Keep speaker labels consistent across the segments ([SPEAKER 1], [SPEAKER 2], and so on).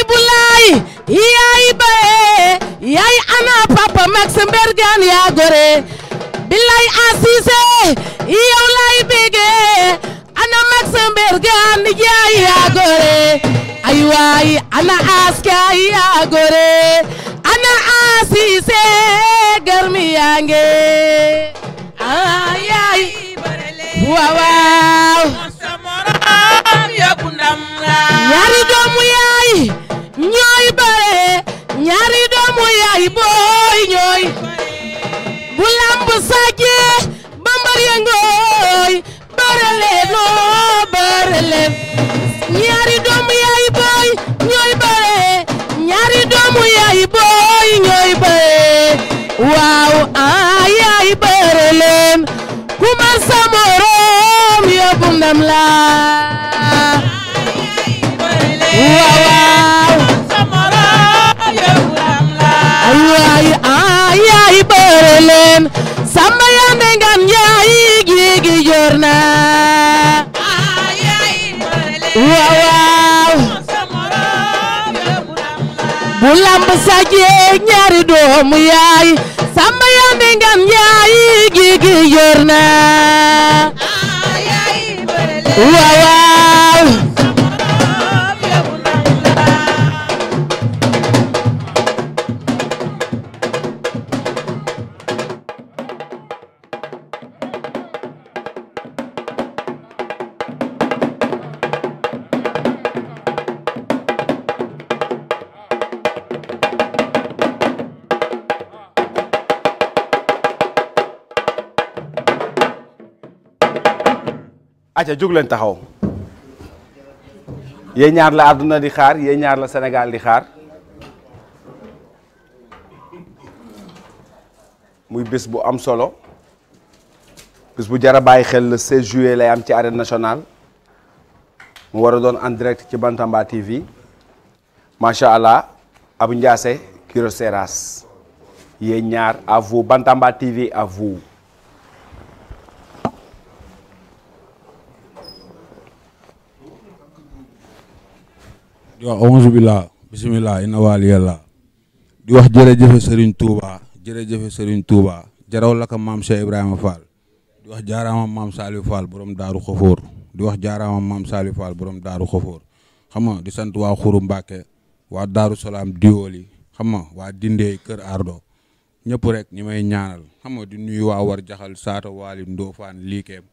[SPEAKER 1] ibulaay yaay baye yaay ana papa max mbergan yaa gore billaay asise yow laay bege ana max mbergan yaay yaa gore ay waay ana askay yaa gore ana asise garmi yaange ay yaay waaw waaw baam yóbbu ñaari doomu yaay ñooy bare ñaari doomu yaay booy ñooy bu lamb sajjee ba ngooy bare leen oh, bare leen ñaari doomu yaay booy ñooy bare ñaari doomu yaay booy ñooy bare waaw aa yaay bare leen ku ma sa moroom yóbbu ndam bëre leen Samba bu lamb sajee ñaari doomu yaay Samba Yande Ngam Njaay Gigi jor na
[SPEAKER 2] aca jóg taxaw yee ñaar la àdduna di xaar yee ñaar la Sénégal di xaar muy bés bu am solo bés bu jar a bàyyi xel le 16 juillet lay am ci arène national mu war a doon en direct ci Bantamba TV macha allah Abou Ndiassé Kiro Seras yee ñaar à vous Bantamba TV à vous.
[SPEAKER 3] waaw awuzu billah bismillah inna waali yàlla di wax jërëjëfe sëriñ Touba jërëjëfe sëriñ Touba jaraw la ko maam Cheikh Ibrahima Fall di wax jaaraama maam Saliou Fall borom daaru xafoor di wax jaaraama maam Saliou Fall borom daaru xafoor xam nga di sant waa xuru Mbàkke waa daaru salaam diwooli xam nga waa dindee kër ardo ñëpp rek ñi may ñaanal xam nga di nuyu waa war jaxal saata waali ndoofaan liikeem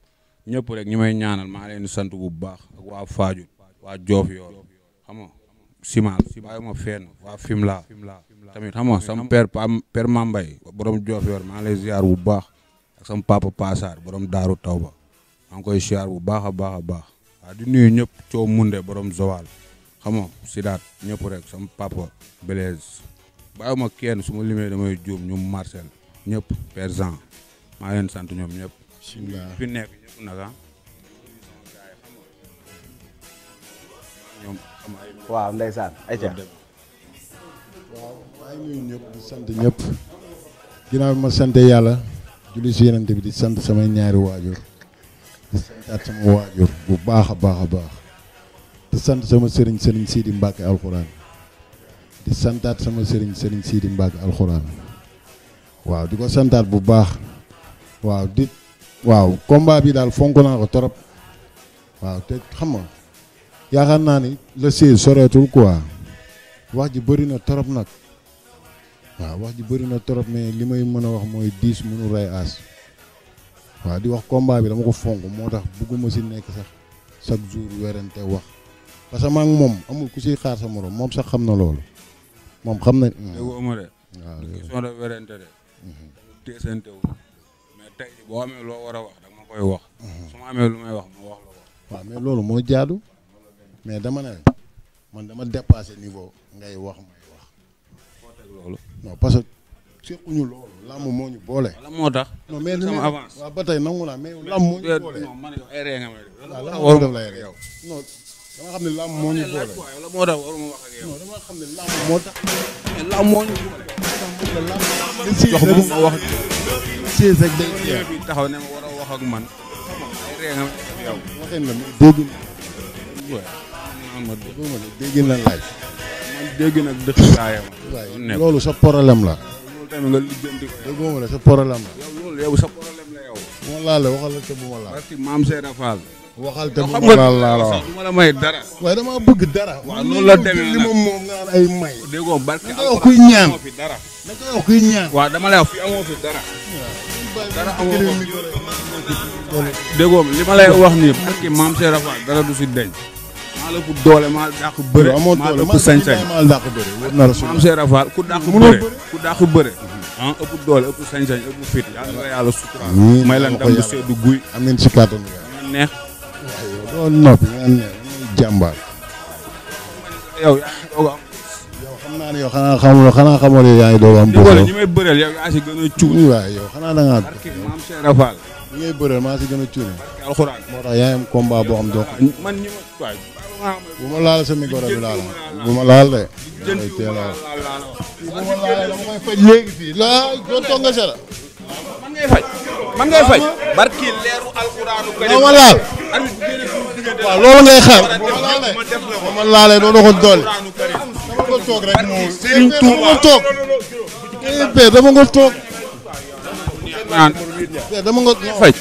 [SPEAKER 3] ñëpp rek ñi may ñaanal maa leen sant bu baax ak waa faaju waa joof yoor xam nga Simal bàyyi ma fenn waa Fimela tamit xam nga sama père père Mambay borom Diofior maa la lay bu baax ak sama papa Passaar borom Daaru Tawba maa ngi koy ziar bu baax a baax a baax waaw di nuyu munde borom Zowal xam nga Sidaat ñëpp rek sama papa Blaise bàyyi ma kenn su limee damay juum ñu Marcel ñëpp père Jean maa leen sant ñoom ñëpp. fi nekk ñëpp nag ah.
[SPEAKER 2] waaw ndeysaan ayca
[SPEAKER 4] ñëpp di sant ñëpp ginnaaw bi ma sante yàlla julli si yenante bi di sant samay ñaari waajur di santaat sama waajur bu baax a baax a baax di sant sama sëriñ sëriñ Sidi Mbacke alxuraan di santaat sama sëriñ sëriñ Sidi Mbacke alxuraan waaw di ko santaat bu baax waaw di waaw combat bi daal fonk naa ko torop waaw te xam nga yaakaar naa ni le si soreetul quoi wax ji bëri na trop nag waaw wax ji bëri na trop mais li may mën a wax mooy diis mënu rey aas waaw di wax combat bi dama ko fonk moo tax bëgguma si nekk sax chaque jour werante wax parce que maa moom amul ku si xaar sa moroom moom sax xam na loolu moom xam na. dégg
[SPEAKER 3] nga de. waaw question de werante de. Mhm.
[SPEAKER 4] mais tey boo amee loo war a wax da mhm. ma wax. amee lu may wax ma wax loolu moo jaadu. mais dama ne man dama dépassé niveau ngay wax may wax. foo teg loolu. non parce que sequñu loolu. làmb moo ñu boole. lan moo tax. non mais li avance waaw ba tey nangu naa moo ñu boole. non man yow ay ree moo def la xam ne làmb moo ñu boole. lan moo tax waruma wax ak yow. non dama moo
[SPEAKER 3] tax.
[SPEAKER 2] mais làmb moo ñu
[SPEAKER 3] boole. ma ma dégguma de déggin la laaj. man dégg nag dëkkaayam. waaw loolu
[SPEAKER 4] sa la. loolu
[SPEAKER 3] tamit nga lijjanti ko. dégguma
[SPEAKER 4] la sa problème la. yow
[SPEAKER 3] loolu yow sa problème la yow. bu ma laal la waxal te bu ma laal. parce que la wax.
[SPEAKER 4] du ma la may dara. da nga wax kuy ñaan da nga wax kuy ñaan. waaw dama lay wax
[SPEAKER 3] fi nii barke maam Seydou Fall dara du si denc. maa la doole maa la dàq bëre maa la ëpp sañ-sañ maa ku dàq bëre ku dàq bëre mm-hmm. ah ëpp doole ëpp sañ-sañ ëpp fit bu
[SPEAKER 4] guy am ngeen ci kàttan neex doo noppi ngeen a am yow xam naa ne yow xanaa xamul xanaa xamoo ne yaa ngi a a a cuuni man ñi ma bu ma laal sa micro bi laal bu ma laal de. day teel a bu ma laal dama koy faj léegi fii laa joo toog nga sera. man ngay faj. man ngay faj.
[SPEAKER 2] barki leeru
[SPEAKER 4] alxuraanu. bu ma laal. waaw loolu ngay xaar bu ma laalee. bu ma laalee doo doxoon doole. dama ko toog rek moom. sëriñ Tuuba dama ko toog. dama ko toog. dama ko. faj.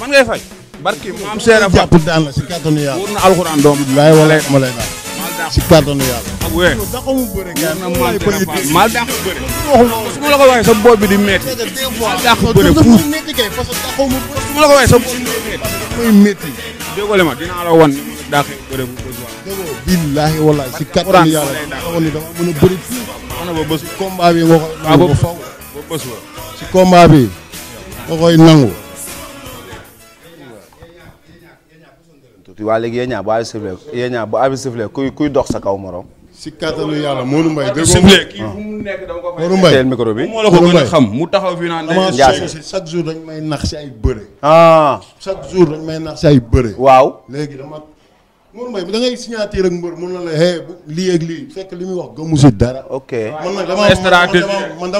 [SPEAKER 4] man ngay faj. barki maam seere fa jàpp daan la si kàttanu yàlla wóor na alxuraan doom laay wala ma lay daal si kàttanu yàlla ak wee daxamu bëre ga mal dàq bëre su ma la ko waxee sa bopp bi di metti mal dàq bëre fuuf su ma la ko waxee sa bopp bi di metti muy metti
[SPEAKER 3] déggoo ma dinaa la wan dàq bëre bu
[SPEAKER 4] billaahi wallaahi si kàttanu yàlla dama ni dama mën a bëri fii xanaa ba bés combat bi nga koy nangu faw ba bés ba si combat bi nga koy nangu
[SPEAKER 2] waa léegi yéen ñaar bu abi siflee kuy kuy dox sa kaw morom. si
[SPEAKER 4] kattanu yàlla Modou Mbaye dégg bi
[SPEAKER 2] moo la ko gën a mu taxaw
[SPEAKER 4] fi naan day chaque jour nax si ay bëre. ah jour dañ may nax si ay bëre. Ah. léegi dama. Modou Mbaye da ngay signature ak mbër mën na la hey lii ak lii fekk li muy wax gëmu si dara. ok man nag dama man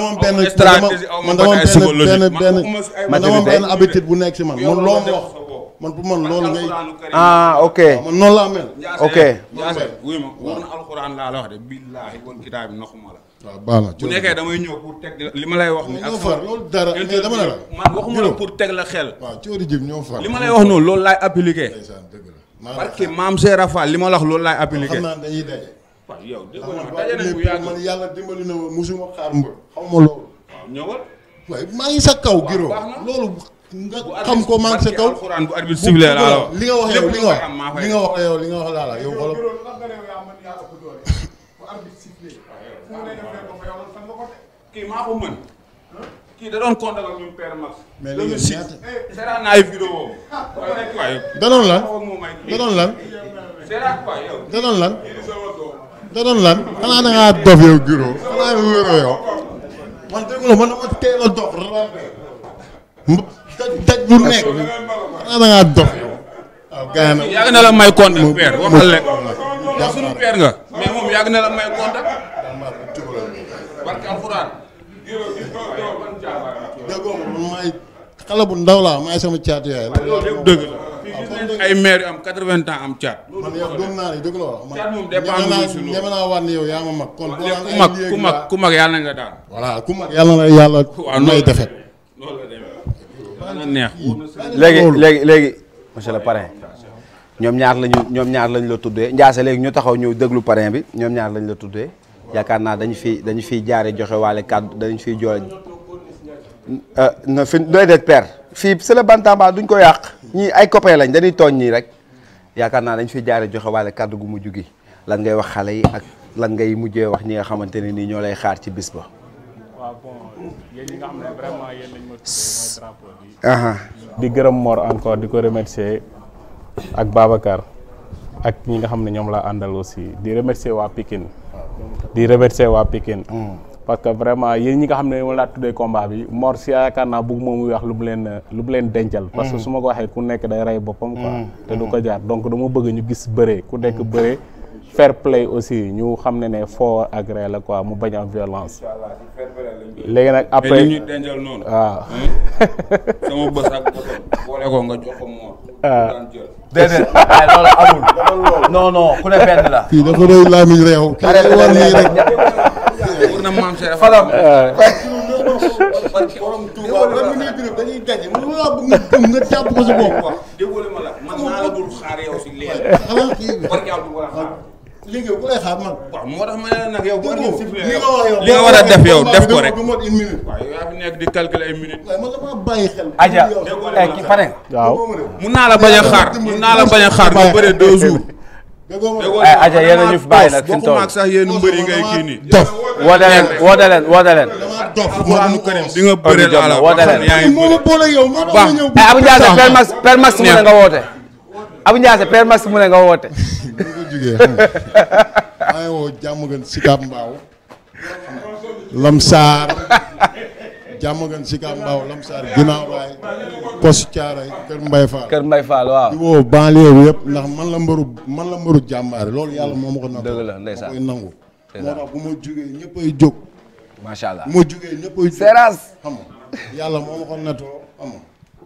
[SPEAKER 4] dama am benn. bu nekk si man man loo wax. man bu man loolu
[SPEAKER 3] ngay ah, man
[SPEAKER 4] noonu laa mel. ok jaase
[SPEAKER 3] wuy la wax de billaahi wal kitaab bi naxuma la. waaw baax na ñëw li ma lay wax. nii ak loolu dara mais dama ne la. pour teg la xel. waaw
[SPEAKER 2] coori jëm li ma lay loolu laay appliqué.
[SPEAKER 3] parce que maam Seera Fall li ma la wax loolu laay appliqué. xam naa
[SPEAKER 4] dañuy daje. waaw yàlla dimbali na ma musuma xaar xaw ma loolu. waaw ñëwal. loolu nga xam ko man sa kaw la li nga wax li nga wax li yow li nga wax la la yow xoolal
[SPEAKER 3] kii maa ko da doon kontaan ak ñoom père Max
[SPEAKER 4] mais léegi eh, ah, da doon lan da doon lan da doon lan da doon lan xanaa da dof yow guro daj bu nekk xanaa dox
[SPEAKER 3] la may contact
[SPEAKER 4] ndaw laa may sama caat yaay dëgg
[SPEAKER 3] am quatre am caat may defet léegi léegi léegi
[SPEAKER 2] monsieur le parrain ñoom ñaar lañu ñoom ñaar lañ la tuddee Ndiasse léegi ñu taxaw ñëw déglu parrain bi ñoom ñaar lañ la tuddee yaakaar naa dañu fi dañu fiy jaare joxe waale kàddu dañu fiy joxe euh, na fi doy det père fii c'est le bantamba duñ ko yàq ñii ay copain lañ dañuy tooñ ñii rek yaakaar naa dañ fiy jaare joxe waale kàddu gu mujj gi lan ngay wax xale yi ak lan ngay mujjee wax ñi nga xamante ne nii ñoo lay xaar ci bis ba
[SPEAKER 3] waaw bon yéen
[SPEAKER 2] ñi di gërëm moor encore di ko remercier
[SPEAKER 3] ak Babacar ak ñi nga xam ne ñoom laa àndal aussi di remercier waa Pikine. di remercier waa Pikine. Mm. parce que vraiment yéen ñi nga xam ne moom laa tuddee combat bi Mor si yaakaar naa bëgg muy wax lu mu leen lu leen dencal. parce que mm. su ma ko waxee ku nekk day rey boppam mm. te du ko jaar donc dama bëgg ñu gis bëree ku nekk bëree. fair play aussi ñu xam ne ne foo agré la quoi mu bañ am violence. léegi nag après ñu dencal noonu. waaw. sama bës ak boole ko nga jox ko moom. Ah.
[SPEAKER 2] déedéet ah, loolu amul. non non ku ne benn la. kii dafa doy laamiñ réew. arrêté woon nii rek. war na maam Cheikh Falam.
[SPEAKER 4] dañuy gañe mu la bëgg nga jàpp ko sa bopp. déggoo ma la man naa la dul xaar yow si léegi. léegi yow ku lay ma ne
[SPEAKER 3] nag yow. li nga war a def yow def ko rek. waaw yow yaa fi nekk di calculer ay minutes. Eh, waaw man damaa bàyyi waaw naa la bañ a xaar mun
[SPEAKER 2] naa la bañ a xaar lu bëre deux jours. ay eh, Adja yéen a ñu fi bàyyi nag fi mu toll bokkuma ak sax yéen mbër yi ngay kii nii. dof woote leen woote leen woote leen. dof moo am këram di nga bëre la woote leen. a ngi bëre
[SPEAKER 4] waaw. Eh, Abou
[SPEAKER 2] nga woote. am Ndiassé père Max mu ne nga woote. bu ko jugee xam nga
[SPEAKER 4] woo jàmm gën Sicap Mbao. Lamsaar jàmm gën Sicap Mbao Lamsaar ginnaaw waay Poste Kër Mbaye Fall. waaw. di woo banlieue ndax man la mbëru man la mbëru jàmbaare loolu yàlla moo ma ko nangu. dëgg la ndeysaan ma koy nangu. bu ma jugee ñëppay
[SPEAKER 2] jóg. macha
[SPEAKER 4] yàlla moo ma ko natoo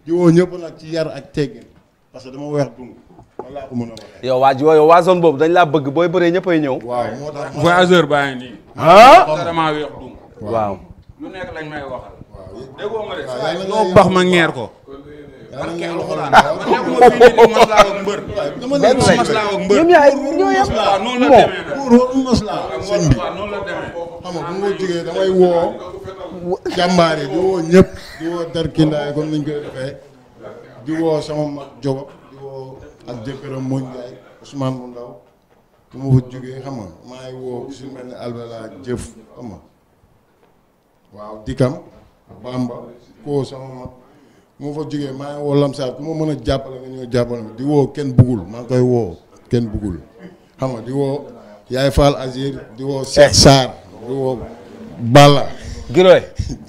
[SPEAKER 4] xam nga di nag ci yar ak teggin. parce dama weer dung
[SPEAKER 2] man a waxee. yow waa ji waa zone boobu dañ laa bëgg booy bëree ñëppay ñëw. waaw moo tax voyageur baa ngi nii. Ah? may
[SPEAKER 3] waxal. déggoo ma de. loo bax ngeer ko. parce que alxuraan
[SPEAKER 4] man woo. jàmbaar di woo sama mag joba di woo ak jëkkëram Moñ Njaay Ousmane bu ndaw bu ma fa jógee xam nga maa ngi woo mel ni Albala jëf xam nga waaw dikam Bamba koo sama mag bu ma fa jógee maa ngi woo Lamsaar ku ma mën a jàppale nga ñoo jàppale di woo kenn bugul maa ngi koy woo kenn bugul xam nga di woo Yaay Fall Azir di woo Cheikh Sarr di woo Balla Giroy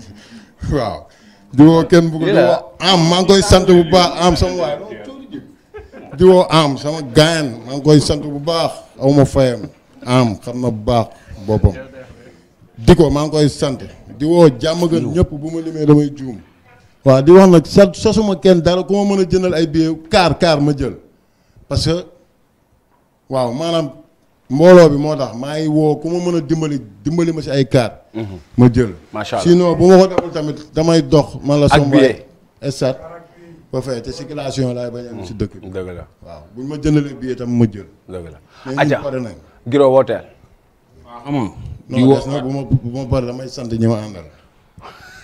[SPEAKER 4] waaw di woo kenn bëgg di woo am maa ngi koy sant bu baax am sama waay di woo am sama gaayan maa ngi koy sant bu baax aw ma fayam am xam na bu baax boppam di ko maa ngi koy sant di woo jàmm gën ñëpp bu ma limee damay juum waa di wax nag sa sasuma kenn dara ku ma mën a jëndal ay billets kaar kaar ma jël parce que waaw maanaam mbooloo bi moo tax maa ngi woo ku ma mën a dimbali dimbali ma si ay kaar. Mm-hmm. ma jël. macha allah bu ma ko deful tamit damay dox. ma la sombaay estat ba fay te circulation laay bañ a. si dëkk bi dëgg la waaw buñ ma jëndalee billet tam ma jël. dëgg la Adja mais Giro wooteel. waaw xam bu ma bu ma paree damay sant ñi ma àndal.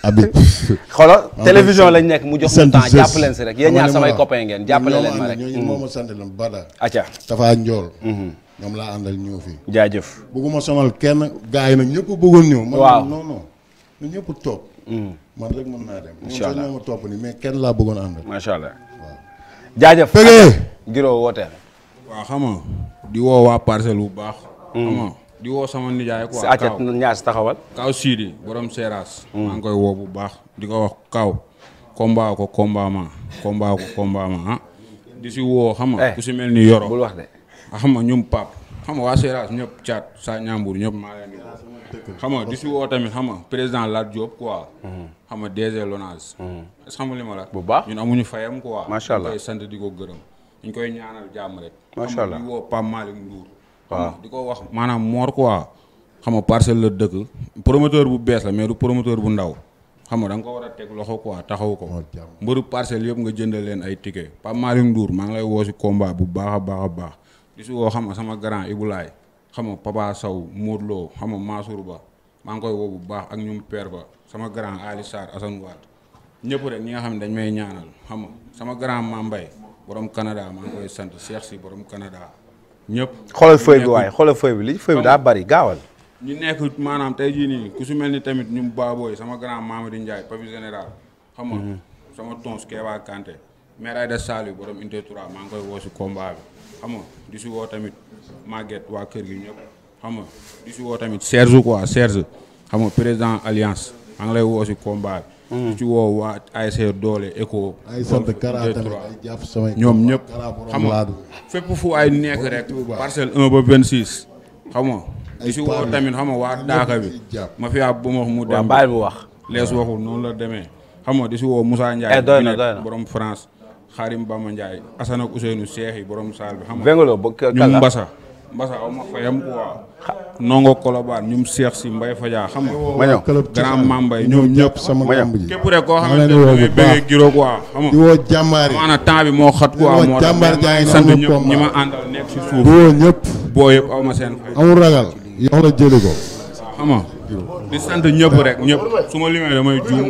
[SPEAKER 4] Habib. xoolal ah, télévision lañ nekk mu jox mu temps jàpp leen si rek yéen ñaar samay copain ngeen jàppale leen ma rek. ñooñu moo mm. ma sant leen Bada. Adja Tafa mm-hmm. ñoom laa àndal ñëw fii. jaajëf bëgguma sonal kenn gars yi nag ñëpp bëggoon ñëw. waaw man non non ñun ñëpp toog. Mm. man rek mën naa dem. macha allah ma mais kenn laa bëggoon àndal. macha allah waaw. jaajëf Pege.
[SPEAKER 3] Giro wooteel. waaw xam di woo waa parcelle bu baax. Mm. xam di woo sama nijaay si Kaaw sa ñaas taxawal. Kaaw Sidi borom Seras. Mm. maa ngi koy woo bu baax di ko wax Kaaw. combat ko combat ma combat ko combat ma ah. di si woo xam nga eh. si mel ni Yoro xam nga ñoom Pape xam nga waa Seras ñëpp caat saa ñaambur ñëpp maa xam nga di si tamit xam nga président Lat Diop quoi. Mhm. xam nga DG Lonase. Mhm. est ce xam nga li ma la. bu baax ñun amuñu fayam quoi. macha allah sant di ko gërëm. ñu koy ñaanal jàmm rek. macha allah xam nga di woo wax maanaam moor quoi. xam nga parcelle la dëkk. promoteur bu bees la mais du promoteur bu ndaw. xam nga da nga ko a teg loxo quoi taxaw ko. mbëru yëpp nga jëndal leen ay ticket. Pape Malick maa ngi lay woo si combat bu baax a baax a baax. di si woo xam nga sama grand Ibulaay xam nga Papa Sow Modou Lo xam nga Ba maa ngi koy woo bu baax ak ñum père ba sama grand Ali Sarr Assane Wade ñëpp rek ñi nga xam ne dañ may ñaanal xam sama grand Mambay borom Canada maa ngi koy sant Cheikh si borom Canada
[SPEAKER 2] ñëpp. xoolal feuille bi waaye xoolal feuille bi li feuille bi daa bari gaawal.
[SPEAKER 3] ñu nekk maanaam tey jii nii ku si mel ni tamit ñu baabooy sama grand Mamadou Ndiaye papi général. xam nga mhm. sama tons Kéba Kanté. maire Aïda borom Inte koy woo si combat xam nga di si woo tamit Maguette waa kër gi ñëpp xam nga di si woo tamit Serge quoi alliance maa ngi lay hmm. waa doole ECHO. ay sant Kara tamit ay jàpp samay ñoom ñëpp xam nga fépp fu ay daaka bi ma fi bu mu dem. waaw bu wax. lees waxul noonu la demee xam di si woo Moussa Ndiaye. Eh, borom France. Xaarim Bamba Ndiaye Assane ak Ousseynou Cheikh yi borom saal bi. xam nga ñum Mbassa. Mbassa aw ma fayam quoi. nongo Kolobaan ñum Cheikh si Mbaye Fadja xam nga. ma ñëw grand Mambay ñoom ñëpp sama gàmb ji. képp rek koo xamante ne bii bëggee giro quoi. xam
[SPEAKER 4] nga
[SPEAKER 3] di temps bi moo xat quoi. moo tax ma sant ñëpp ñi ma àndal nekk ma seen fay. amul ragal
[SPEAKER 4] yow la jëli ko.
[SPEAKER 3] su ma limee damay juum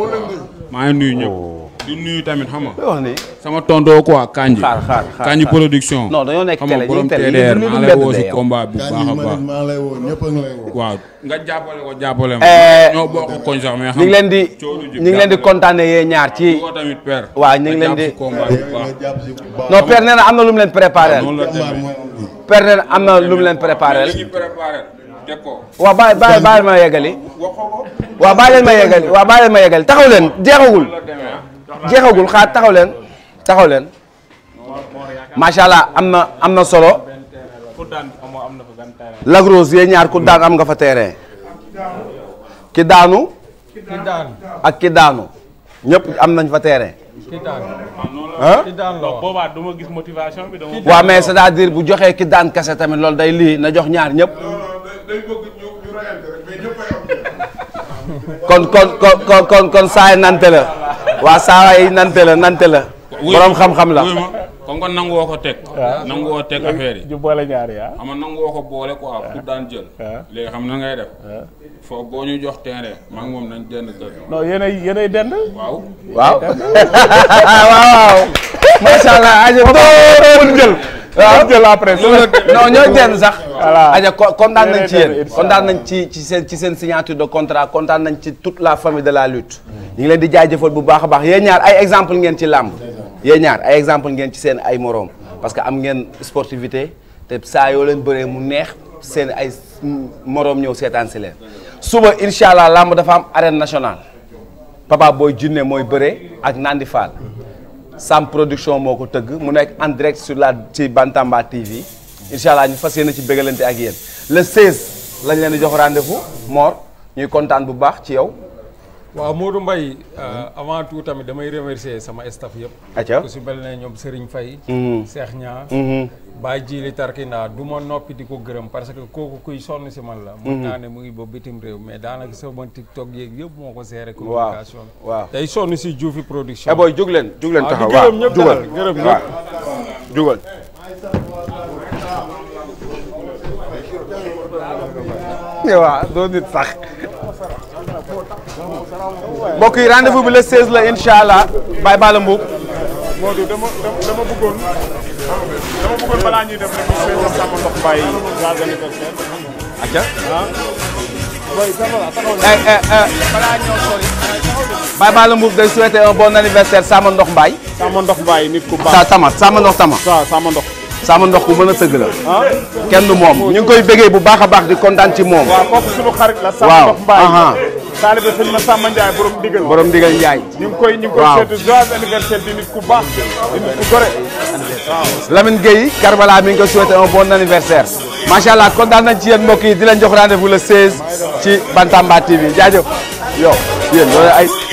[SPEAKER 3] maa ngi nuyu ñëpp. du nuyu tamit xam nga. wax ni sama tonto quoi Kanji. xaar xaar Kanji production. non dañoo nekk télé ñu télé ñu maa lay woo si combat bi. bu baax a baax
[SPEAKER 2] maa
[SPEAKER 4] lay woo ñëpp a ngi lay
[SPEAKER 3] woo. waaw
[SPEAKER 2] nga jàppale ko jàppale ma. ñoo eh, bokk koñ sax mais. xam ñu ngi leen di ñu ngi leen di kontaane yee ñaar ci. waaw tamit père. waaw ñu ngi leen di non père nee na am na lu mu leen préparé. père nee na am na lu mu leen préparé. waaw bàyyi bàyyi bàyyi ma yeggali. waaw bàyyi leen ma yeggali waaw bàyyi leen ma yeggali taxaw leen jeexagul. jeexagul xaar taxaw leen taxaw leen macha allah am na am na solo lagros yee ñaar ku daan am nga fa terrain ki daanu ak ki daanu ñëpp am nañ fa tere
[SPEAKER 3] ah boobaa du gis motivation bi waaw mais
[SPEAKER 2] c'est-à-dire bu joxee ki daan kase tamit loolu day lii na jox ñaar ñëpp kon kon kon kon saay nante la waa saa waay nante la nante la. borom xam-xam la.
[SPEAKER 3] kon que nangu woo ko teg. Ah. Ah. waaw teg affaire yi. ju boole ñaar yaa. Ah. xam nga nangu ko boole quoi pour daan jël. léegi xam na ngay def. foo boo ñu jox terrain maa ngi moom nañ dend kër. non yéenay yéenay dend. waaw waaw. waaw macha allah. aja doon jël.
[SPEAKER 2] waaw jël après. non dend sax. voilà aja kontaan nañ ci yéen kontaan nañ ci ci seen ci seen signature de contrat kontaan nañ ci tout la famille de la lutte. ñu ngi leen di jaajëfal bu baax a baax yéen ñaar ay exemple ngeen ci làmb. yéen ñaar ay exemple ngeen ci seen ay moroom parce que am ngeen sportivité te saa yoo leen bëree mu neex seen ay moroom ñëw seetaan si leen suba incha allah làmb dafa am arène nationale Papa booy Djiné mooy bëree ak Nandi Fall Sam Production moo ko tëgg mu nekk en direct sur la ci Bantamba TV incha allah ñu fas yéene ci bégalante ak yéen le 16 lañ leen di jox rendez-vous ñuy kontaan bu baax ci yow.
[SPEAKER 3] waaw Modou mbay mm-hmm. euh, avant tout tamit damay remercier sama staff yëpp. atia ku si mel ne ñoom Serigne Faye. Mm-hmm. Cheikh Niang. Mm-hmm. Baye Djili Tarkinda du ma noppi di ko gërëm parce que kooku kuy sonn si man la. mën naa ne mu
[SPEAKER 2] ngi ba bitim réew mais daanaka sama TikTok yeeg yëpp moo ko seere communication bi waaw sonn si Diouf production. eh booy jug leen jug leen ah, taxaw waaw di gërëm ñëpp daal gërëm ñëpp doo nit sax. mbokk yi rendez-vous bi le 16 la incha allah Baye Balla Mbuub.
[SPEAKER 4] Modou dama dama bëggoon
[SPEAKER 3] dama balaa ñuy dem rek monsieur Moussa Samba Ndox Mbaye gaz Ndox
[SPEAKER 2] ah. eh, eh, eh. Mbaye. Samba Ndox Mbaye nit ku baax sa Ndox Sama. waaw Ndox. ku mën a tëgg la. Ah. kenn du moom ñu koy bëggee bu baax baax di kontaan ci moom.
[SPEAKER 3] waaw kooku
[SPEAKER 2] taalibe sëñ Massamba Ndiaye borom ndigal borom ndigal Ndiaye
[SPEAKER 3] ñu ngi koy ñu ngi koy seetu joyeux anniversaire di nit ku baax di nit ku gore
[SPEAKER 2] mi ngi ko souhaité bon anniversaire macha allah kontaan nañ ci yéen mbokk yi di leen jox rendez-vous le 16 ci Bantamba TV jaajëf yow yéen loolu